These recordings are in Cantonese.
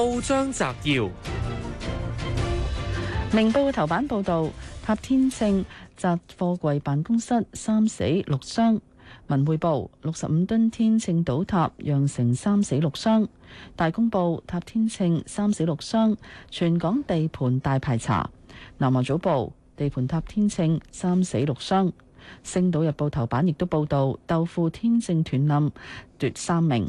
報章摘要：明報頭版報道，塔天秤砸貨櫃辦公室三死六傷；文匯報六十五噸天秤倒塌釀成三死六傷；大公報塔天秤三死六傷；全港地盤大排查；南華早報地盤塔天秤三死六傷；星島日報頭版亦都報道，豆腐天秤斷冧，奪三命。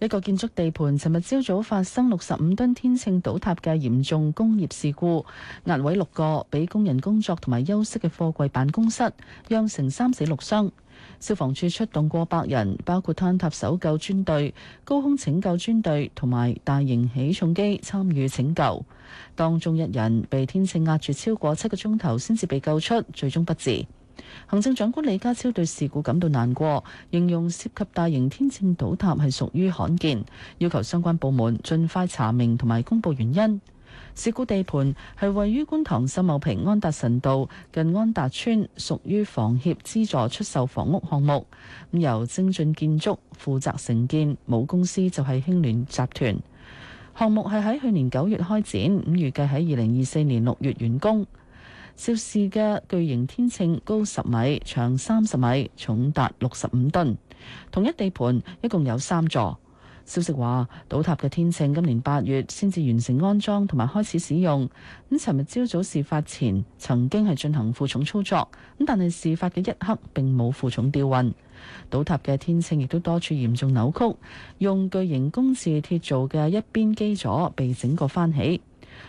一個建築地盤尋日朝早發生六十五噸天秤倒塌嘅嚴重工業事故，壓毀六個俾工人工作同埋休息嘅貨櫃辦公室，釀成三死六傷。消防處出動過百人，包括坍塌搜救專隊、高空拯救專隊同埋大型起重機參與拯救，當中一人被天秤壓住超過七個鐘頭，先至被救出，最終不治。行政長官李家超對事故感到難過，形容涉及大型天秤倒塌係屬於罕見，要求相關部門盡快查明同埋公布原因。事故地盤係位於觀塘秀茂坪安達臣道近安達村，屬於房協資助出售房屋項目，咁由精進建築負責承建，母公司就係興聯集團。項目係喺去年九月開展，咁預計喺二零二四年六月完工。肇事嘅巨型天秤高十米、長三十米、重達六十五噸。同一地盤一共有三座。消息話，倒塌嘅天秤今年八月先至完成安裝同埋開始使用。咁尋日朝早事發前曾經係進行負重操作，咁但係事發嘅一刻並冇負重吊運。倒塌嘅天秤亦都多處嚴重扭曲，用巨型工字鐵做嘅一邊基座被整個翻起。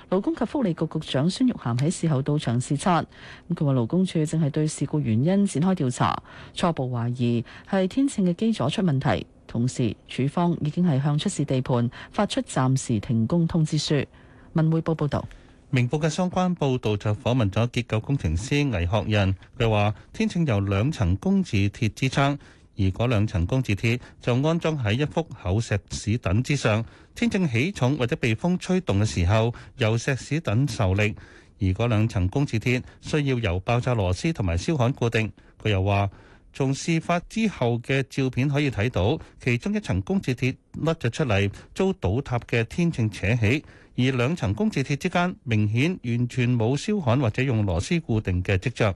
勞工及福利局局長孫玉菡喺事後到場視察，佢話勞工處正係對事故原因展開調查，初步懷疑係天秤嘅基座出問題，同時處方已經係向出事地盤發出暫時停工通知書。文匯報報道，明報嘅相關報道就訪問咗結構工程師倪學仁，佢話天秤由兩層工字鐵支撐，而嗰兩層工字鐵就安裝喺一幅厚石屎等之上。天秤起重或者被風吹動嘅時候，由石屎等受力；而嗰兩層工字鐵需要由爆炸螺絲同埋燒焊固定。佢又話從事發之後嘅照片可以睇到，其中一層工字鐵甩咗出嚟，遭倒塌嘅天秤扯起，而兩層工字鐵之間明顯完全冇燒焊或者用螺絲固定嘅跡象。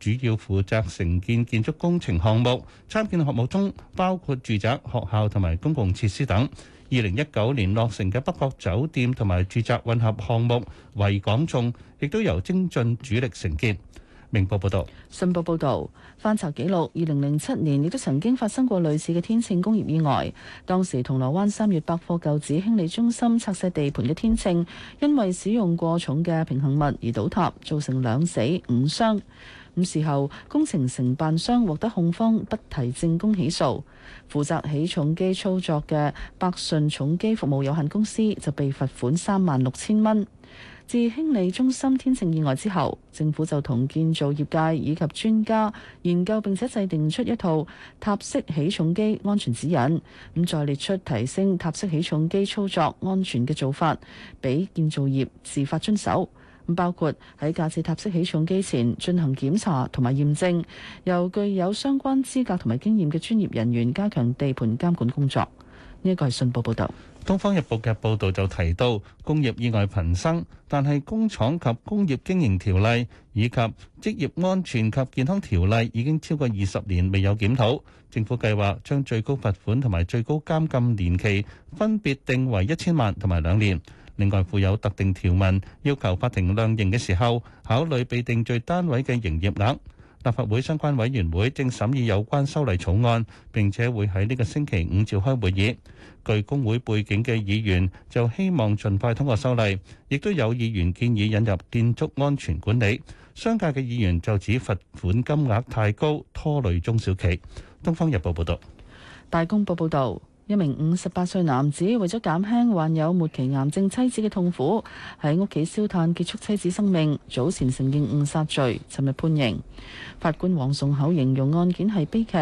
主要負責承建建築工程項目，參建項目中包括住宅、學校同埋公共設施等。二零一九年落成嘅北角酒店同埋住宅混合項目維港頌，亦都由精進主力承建。明報報導，信報報導翻查記錄，二零零七年亦都曾經發生過類似嘅天秤工業意外。當時銅鑼灣三越百貨舊址興利中心拆卸地盤嘅天秤，因為使用過重嘅平衡物而倒塌，造成兩死五傷。咁事後，工程承辦商獲得控方不提證供起訴。負責起重機操作嘅百順重機服務有限公司就被罰款三萬六千蚊。自興利中心天秤意外之後，政府就同建造業界以及專家研究，並且制定出一套塔式起重機安全指引。咁再列出提升塔式起重機操作安全嘅做法，俾建造業自發遵守。包括喺架設塔式起重機前進行檢查同埋驗證，由具有相關資格同埋經驗嘅專業人員加強地盤監管工作。呢一個係信報報道，《東方日報》嘅報道就提到，工業意外頻生，但係工廠及工業經營條例以及職業安全及健康條例已經超過二十年未有檢討。政府計劃將最高罰款同埋最高監禁年期分別定為一千萬同埋兩年。另外附有特定條文，要求法庭量刑嘅時候考慮被定罪單位嘅營業額。立法會相關委員會正審議有關修例草案，並且會喺呢個星期五召開會議。具工會背景嘅議員就希望盡快通過修例，亦都有議員建議引入建築安全管理。商界嘅議員就指罰款金額太高，拖累中小企。《東方日報》報導，《大公報》報導。一名五十八歲男子為咗減輕患有末期癌症妻子嘅痛苦，喺屋企燒炭結束妻子生命。早前承認誤殺罪，尋日判刑。法官黃崇厚形容案件係悲劇。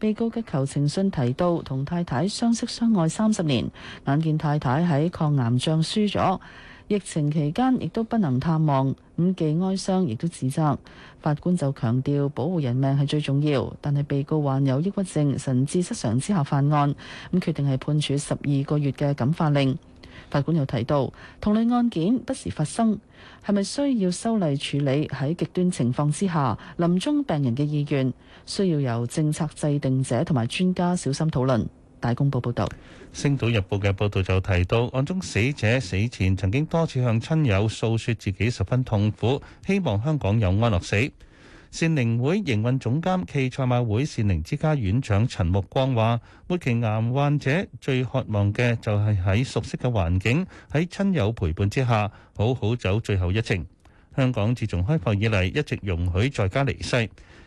被告嘅求情信提到，同太太相識相愛三十年，眼見太太喺抗癌仗輸咗。疫情期間亦都不能探望，咁既哀傷亦都自責。法官就強調保護人命係最重要，但係被告患有抑鬱症、神志失常之下犯案，咁決定係判處十二個月嘅感化令。法官又提到，同類案件不時發生，係咪需要修例處理喺極端情況之下臨終病人嘅意願，需要由政策制定者同埋專家小心討論。大公報報道，《星島日報》嘅報道就提到，案中死者死前曾經多次向親友訴說自己十分痛苦，希望香港有安樂死。善寧會營運總監暨賽馬會善寧之家院長陳木光話，末期癌患者最渴望嘅就係喺熟悉嘅環境，喺親友陪伴之下，好好走最後一程。香港自從開放以嚟一直容許在家離世，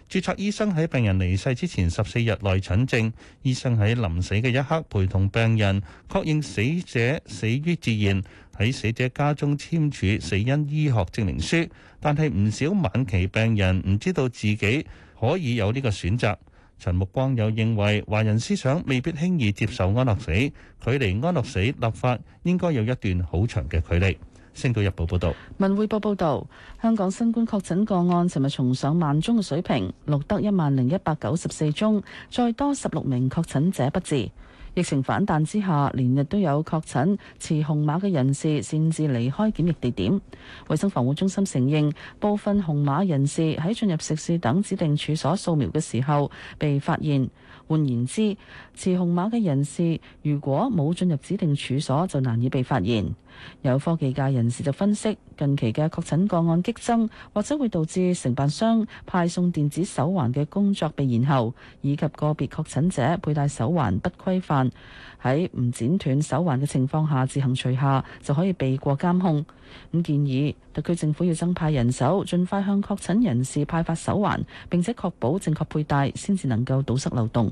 註冊醫生喺病人離世之前十四日內診症，醫生喺臨死嘅一刻陪同病人確認死者死於自然，喺死者家中簽署死因醫學證明書。但係唔少晚期病人唔知道自己可以有呢個選擇。陳木光又認為華人思想未必輕易接受安樂死，距離安樂死立法應該有一段好長嘅距離。星島日報報道，文匯報報道，香港新冠確診個案尋日重上萬宗嘅水平，錄得一萬零一百九十四宗，再多十六名確診者不治。疫情反彈之下，連日都有確診持紅碼嘅人士擅自離開檢疫地點。衛生防護中心承認，部分紅碼人士喺進入食肆等指定處所掃描嘅時候被發現。換言之，持紅碼嘅人士如果冇進入指定處所，就難以被發現。有科技界人士就分析，近期嘅確診個案激增，或者會導致承辦商派送電子手環嘅工作被延後，以及個別確診者佩戴手環不規範，喺唔剪斷手環嘅情況下自行除下就可以避過監控。咁建議特區政府要增派人手，盡快向確診人士派發手環，並且確保正確佩戴，先至能夠堵塞漏洞。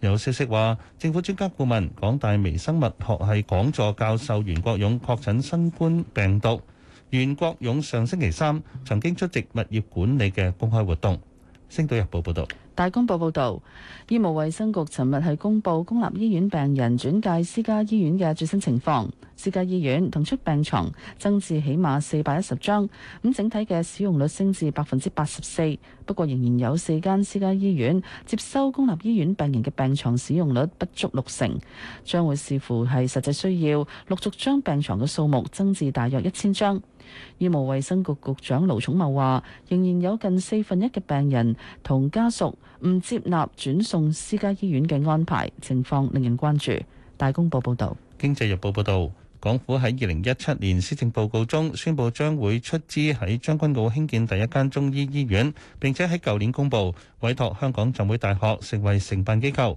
有消息話，政府專家顧問、港大微生物學系講座教授袁國勇確診新冠病毒。袁國勇上星期三曾經出席物業管理嘅公開活動。星島日報報導。大公報報導，醫務衛生局尋日係公布公立醫院病人轉介私家醫院嘅最新情況，私家醫院騰出病床增至起碼四百一十張，咁整體嘅使用率升至百分之八十四。不過仍然有四間私家醫院接收公立醫院病人嘅病床使用率不足六成，將會視乎係實際需要，陸續將病床嘅數目增至大約一千張。醫務衛生局局長盧寵茂話，仍然有近四分一嘅病人同家屬唔接納轉送私家醫院嘅安排，情況令人關注。大公報報道，經濟日報報道，港府喺二零一七年施政報告中宣布將會出資喺將軍澳興建第一間中醫醫院，並且喺舊年公布委託香港浸會大學成為承辦機構。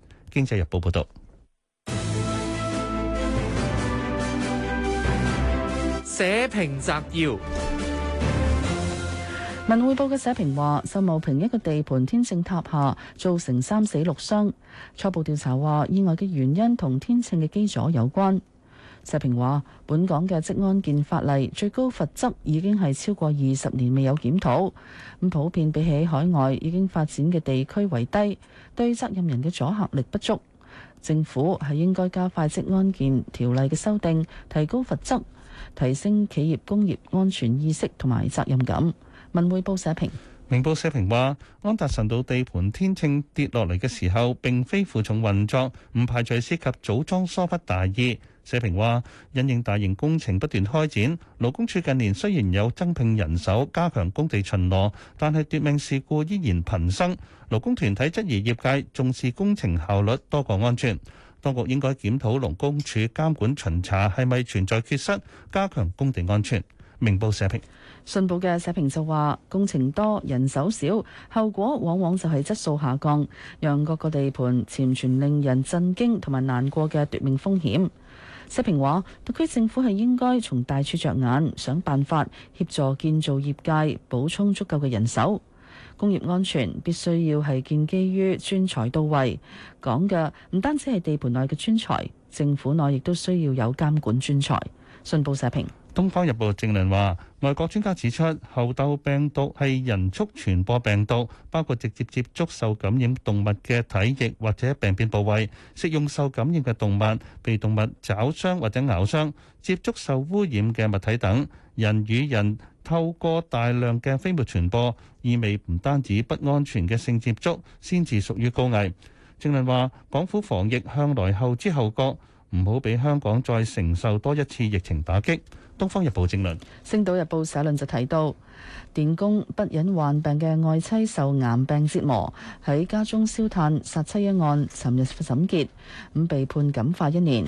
經濟日報報道，社評摘要：文匯報嘅社評話，秀茂坪一個地盤天秤塌下，造成三死六傷。初步調查話，意外嘅原因同天秤嘅基座有關。社評話，本港嘅職安健法例最高罰則已經係超過二十年未有檢討，咁普遍比起海外已經發展嘅地區為低，對責任人嘅阻嚇力不足。政府係應該加快職安健條例嘅修訂，提高罰則，提升企業工業安全意識同埋責任感。文匯報社評，明報社評話，安達臣道地盤天秤跌落嚟嘅時候，並非負重運作，唔排除涉及組裝疏忽大意。社評話：因應大型工程不斷開展，勞工處近年雖然有增聘人手，加強工地巡邏，但係奪命事故依然頻生。勞工團體質疑業界重視工程效率多過安全，當局應該檢討勞工處監管巡查係咪存在缺失，加強工地安全。明報社評。信報嘅社評就話：工程多人手少，後果往往就係質素下降，讓各個地盤潛存令人震驚同埋難過嘅奪命風險。社評話：特區政府係應該從大處着眼，想辦法協助建造業界補充足夠嘅人手。工業安全必須要係建基於專才到位。講嘅唔單止係地盤內嘅專才，政府內亦都需要有監管專才。信報社評。《東方日報》正論話，外國專家指出，猴痘病毒係人畜傳播病毒，包括直接接觸受，受感染動物嘅體液或者病變部位，食用受感染嘅動物、被動物抓傷或者咬傷、接觸受，受污染嘅物體等。人與人透過大量嘅飛沫傳播，意味唔單止不安全嘅性接觸先至屬於高危。正論話，港府防疫向來後知後覺。唔好俾香港再承受多一次疫情打擊。《東方日報》正論，《星島日報》社論就提到，電工不忍患病嘅愛妻受癌病折磨，喺家中燒炭殺妻一案，尋日審結，咁被判感化一年，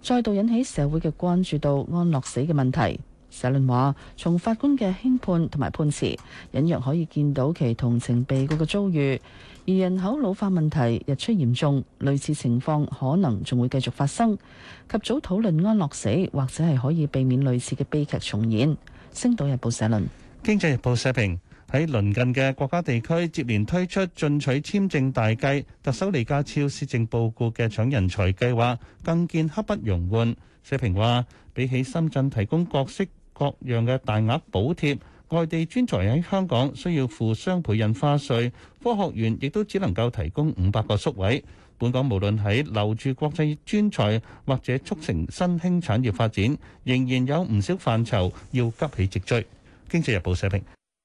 再度引起社會嘅關注到安樂死嘅問題。社論話：從法官嘅輕判同埋判詞，隱約可以見到其同情被告嘅遭遇。而人口老化問題日趨嚴重，類似情況可能仲會繼續發生。及早討論安樂死，或者係可以避免類似嘅悲劇重演。《星島日報》社論，《經濟日報》社評喺鄰近嘅國家地區接連推出進取簽證大計，特首李家超施政報告嘅搶人才計劃更見刻不容緩。社評話：比起深圳提供角色。各樣嘅大額補貼，外地專才喺香港需要付雙倍印花稅，科學園亦都只能夠提供五百個宿位。本港無論喺留住國際專才或者促成新興產業發展，仍然有唔少範疇要急起直追。《經濟日報》社評。